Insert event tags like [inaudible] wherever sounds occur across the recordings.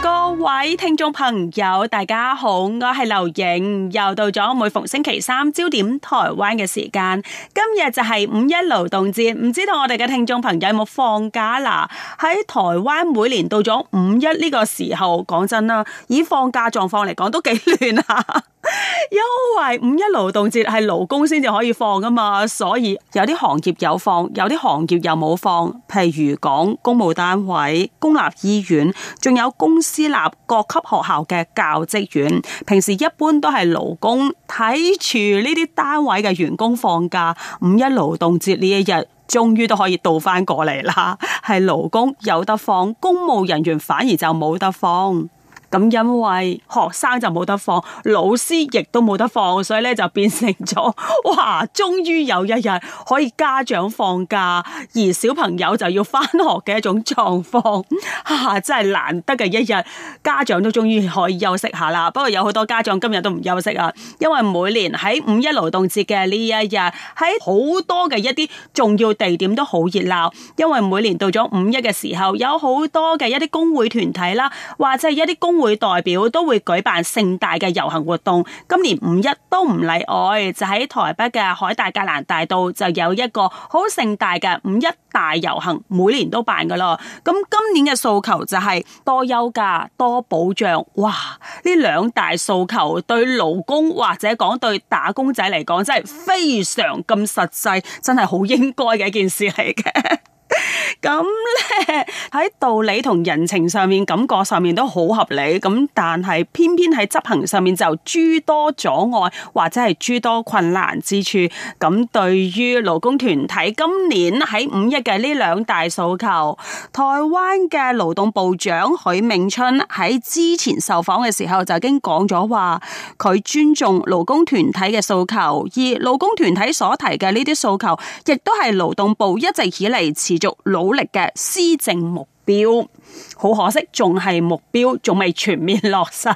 各位聽眾朋友，大家好，我係劉瑩，又到咗每逢星期三焦點台灣嘅時間，今日就係五一勞動節，唔知道我哋嘅聽眾朋友有冇放假啦？喺台灣每年到咗五一呢個時候，講真啦，以放假狀況嚟講，都幾亂啊！因為五一勞動節係勞工先至可以放噶嘛，所以有啲行業有放，有啲行業又冇放。譬如講公務單位、公立醫院，仲有公私立各級學校嘅教職員，平時一般都係勞工。睇住呢啲單位嘅員工放假。五一勞動節呢一日，終於都可以倒翻過嚟啦。係勞工有得放，公務人員反而就冇得放。咁因為學生就冇得放，老師亦都冇得放，所以咧就變成咗哇！終於有一日可以家長放假，而小朋友就要翻學嘅一種狀況啊，真係難得嘅一日，家長都終於可以休息下啦。不過有好多家長今日都唔休息啊，因為每年喺五一勞動節嘅呢一日，喺好多嘅一啲重要地點都好熱鬧，因為每年到咗五一嘅時候，有好多嘅一啲工會團體啦，或者係一啲工。會代表都會舉辦盛大嘅遊行活動，今年五一都唔例外，就喺台北嘅凱達格蘭大道就有一個好盛大嘅五一大遊行，每年都辦噶咯。咁今年嘅訴求就係多休假、多保障。哇！呢兩大訴求對勞工或者講對打工仔嚟講，真係非常咁實際，真係好應該嘅一件事嚟嘅。咁咧喺道理同人情上面，感覺上面都好合理。咁但係偏偏喺執行上面就諸多阻礙或者係諸多困難之處，咁對於勞工團體今年喺五一嘅呢兩大訴求，台灣嘅勞動部長許銘春喺之前受訪嘅時候就已經講咗話，佢尊重勞工團體嘅訴求，而勞工團體所提嘅呢啲訴求，亦都係勞動部一直以嚟持續努。努力嘅施政目標。好可惜，仲係目標仲未全面落實，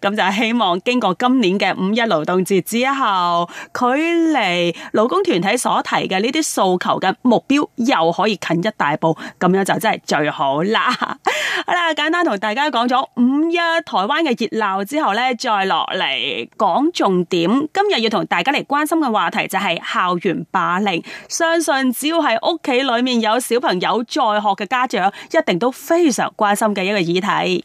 咁 [laughs] 就希望經過今年嘅五一勞動節之後，距離勞工團體所提嘅呢啲訴求嘅目標又可以近一大步，咁樣就真係最好啦。 [laughs] 好啦，簡單同大家講咗五一台灣嘅熱鬧之後呢，再落嚟講重點。今日要同大家嚟關心嘅話題就係校園霸凌，相信只要係屋企裏面有小朋友在學嘅家長，一定都非。常關心嘅一個議題。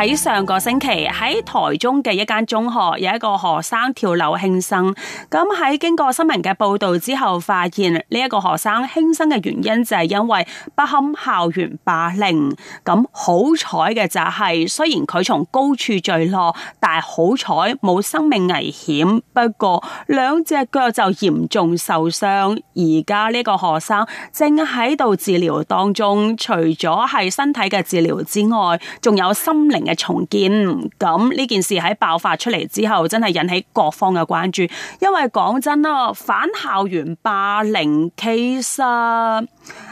喺上個星期喺台中嘅一間中學有一個學生跳樓輕生，咁喺經過新聞嘅報道之後，發現呢一個學生輕生嘅原因就係因為不堪校園霸凌。咁好彩嘅就係雖然佢從高處墜落，但係好彩冇生命危險，不過兩隻腳就嚴重受傷。而家呢個學生正喺度治療當中，除咗係身體嘅治療之外，仲有心靈。重建。咁呢件事喺爆發出嚟之後，真係引起各方嘅關注。因為講真啦，反校園霸凌其實、啊。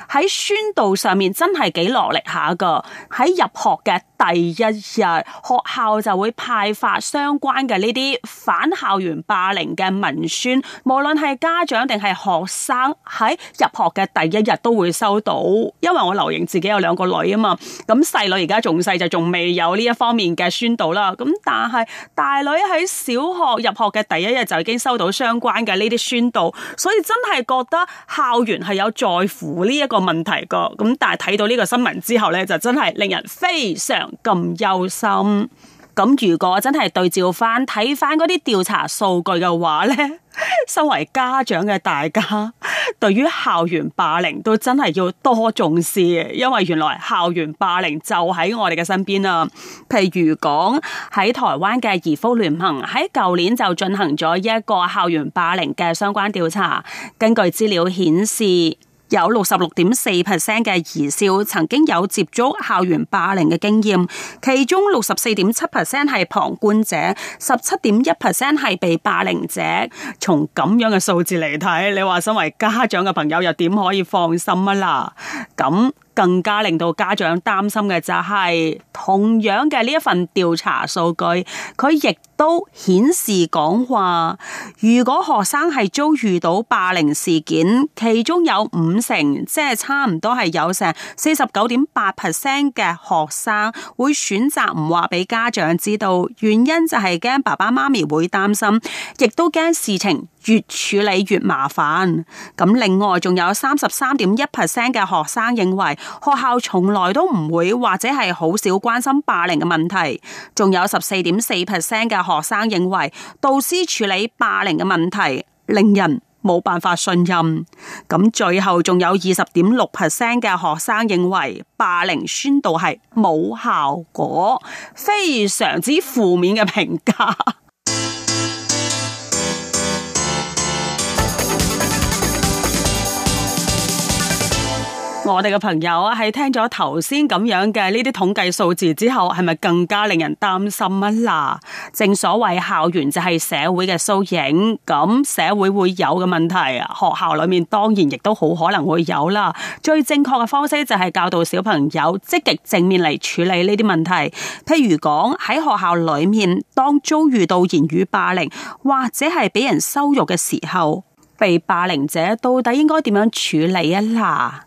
喺宣導上面真係幾落力下噶，喺入學嘅第一日，學校就會派發相關嘅呢啲反校園霸凌嘅文宣，無論係家長定係學生喺入學嘅第一日都會收到。因為我留營自己有兩個女啊嘛，咁細女而家仲細就仲未有呢一方面嘅宣導啦，咁但係大女喺小學入學嘅第一日就已經收到相關嘅呢啲宣導，所以真係覺得校園係有在乎呢一個。問題個咁，但係睇到呢個新聞之後咧，就真係令人非常咁憂心。咁如果真係對照翻睇翻嗰啲調查數據嘅話咧，身為家長嘅大家，對於校園霸凌都真係要多重視，因為原來校園霸凌就喺我哋嘅身邊啦。譬如講喺台灣嘅兒福聯盟喺舊年就進行咗一個校園霸凌嘅相關調查，根據資料顯示。有六十六點四 percent 嘅兒少曾經有接觸校園霸凌嘅經驗，其中六十四點七 percent 係旁觀者，十七點一 percent 係被霸凌者。從咁樣嘅數字嚟睇，你話身為家長嘅朋友又點可以放心啊？啦咁。更加令到家長擔心嘅就係同樣嘅呢一份調查數據，佢亦都顯示講話，如果學生係遭遇到霸凌事件，其中有五成，即係差唔多係有成四十九點八 percent 嘅學生會選擇唔話俾家長知道，原因就係驚爸爸媽咪會擔心，亦都驚事情越處理越麻煩，咁另外仲有三十三點一 percent 嘅學生認為學校從來都唔會或者係好少關心霸凌嘅問題，仲有十四點四 percent 嘅學生認為導師處理霸凌嘅問題令人冇辦法信任，咁最後仲有二十點六 percent 嘅學生認為霸凌宣導係冇效果，非常之負面嘅評價。我哋嘅朋友啊，係聽咗頭先咁樣嘅呢啲統計數字之後，係咪更加令人擔心啊？嗱，正所謂校園就係社會嘅縮影，咁社會會有嘅問題，學校裏面當然亦都好可能會有啦。最正確嘅方式就係教導小朋友積極正面嚟處理呢啲問題，譬如講喺學校裏面當遭遇到言語霸凌，或者係俾人羞辱嘅時候，被霸凌者到底應該點樣處理啊？啦。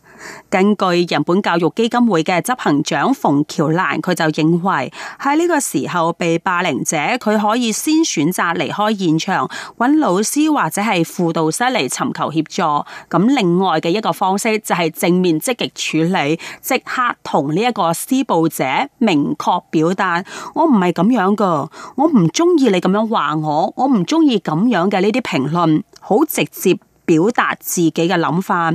根據人本教育基金會嘅執行長馮喬蘭，佢就認為喺呢個時候被霸凌者，佢可以先選擇離開現場，揾老師或者係輔導室嚟尋求協助。咁另外嘅一個方式就係正面積極處理，即刻同呢一個施暴者明確表達：我唔係咁樣噶，我唔中意你咁樣話我，我唔中意咁樣嘅呢啲評論，好直接。表達自己嘅諗法，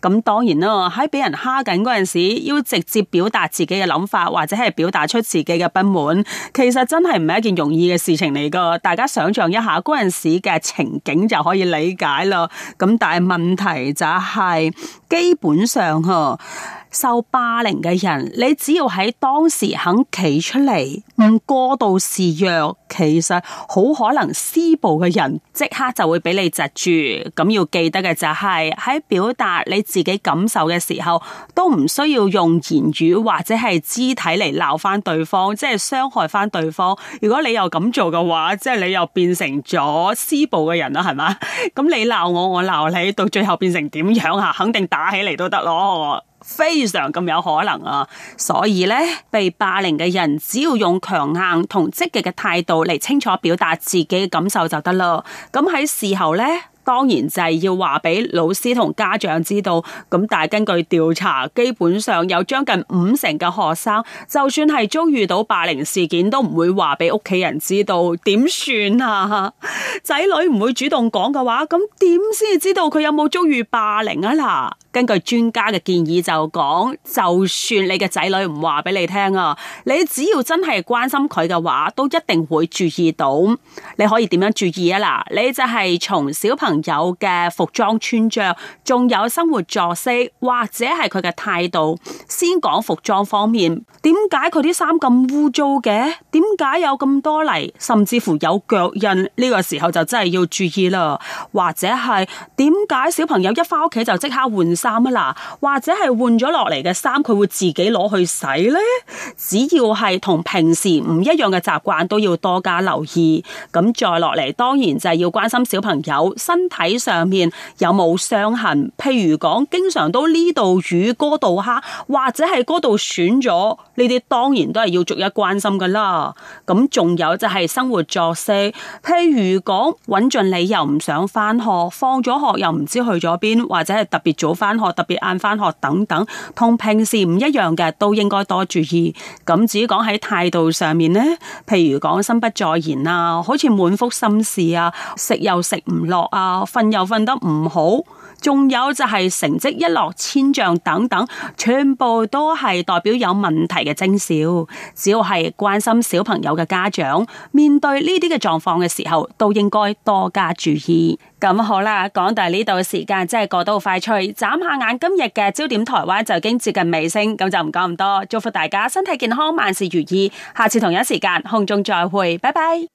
咁當然啦，喺俾人蝦緊嗰陣時，要直接表達自己嘅諗法，或者係表達出自己嘅不滿，其實真係唔係一件容易嘅事情嚟噶。大家想象一下嗰陣時嘅情景就可以理解咯。咁但係問題就係、是，基本上嗬。受霸凌嘅人，你只要喺當時肯企出嚟，唔、嗯、過度示弱，其實好可能施暴嘅人即刻就會俾你窒住。咁要記得嘅就係、是、喺表達你自己感受嘅時候，都唔需要用言語或者係肢體嚟鬧翻對方，即係傷害翻對方。如果你又咁做嘅話，即係你又變成咗施暴嘅人啦，係嘛？咁 [laughs] 你鬧我，我鬧你，到最後變成點樣啊？肯定打起嚟都得咯。非常咁有可能啊，所以咧，被霸凌嘅人只要用強硬同積極嘅態度嚟清楚表達自己嘅感受就得咯。咁喺事後咧。當然就係要話俾老師同家長知道咁，但係根據調查，基本上有將近五成嘅學生，就算係遭遇到霸凌事件，都唔會話俾屋企人知道。點算啊？仔女唔會主動講嘅話，咁點先知道佢有冇遭遇霸凌啊？嗱，根據專家嘅建議就講，就算你嘅仔女唔話俾你聽啊，你只要真係關心佢嘅話，都一定會注意到。你可以點樣注意啊？嗱，你就係從小朋友。有嘅服裝穿着，仲有生活作息，或者係佢嘅態度，先講服裝方面。點解佢啲衫咁污糟嘅？點解有咁多泥，甚至乎有腳印？呢個時候就真係要注意啦。或者係點解小朋友一翻屋企就即刻換衫啊？嗱，或者係換咗落嚟嘅衫，佢會自己攞去洗呢？只要係同平時唔一樣嘅習慣，都要多加留意。咁再落嚟，當然就係要關心小朋友身。身體上面有冇傷痕，譬如講經常都呢度瘀、嗰度黑，或者係嗰度損咗，呢啲當然都係要逐一關心噶啦。咁仲有就係生活作息，譬如講穩盡你又唔想翻學，放咗學又唔知去咗邊，或者係特別早翻學、特別晏翻學等等，同平時唔一樣嘅都應該多注意。咁至於講喺態度上面呢，譬如講心不在焉啊，好似滿腹心事啊，食又食唔落啊。瞓、哦、又瞓得唔好，仲有就係成績一落千丈等等，全部都係代表有問題嘅徵兆。只要係關心小朋友嘅家長，面對呢啲嘅狀況嘅時候，都應該多加注意。咁、嗯、好啦，講到呢度嘅時間真係過到快脆，眨下眼今日嘅焦點台灣就已經接近尾聲，咁就唔講咁多，祝福大家身體健康，萬事如意。下次同一時間空中再會，拜拜。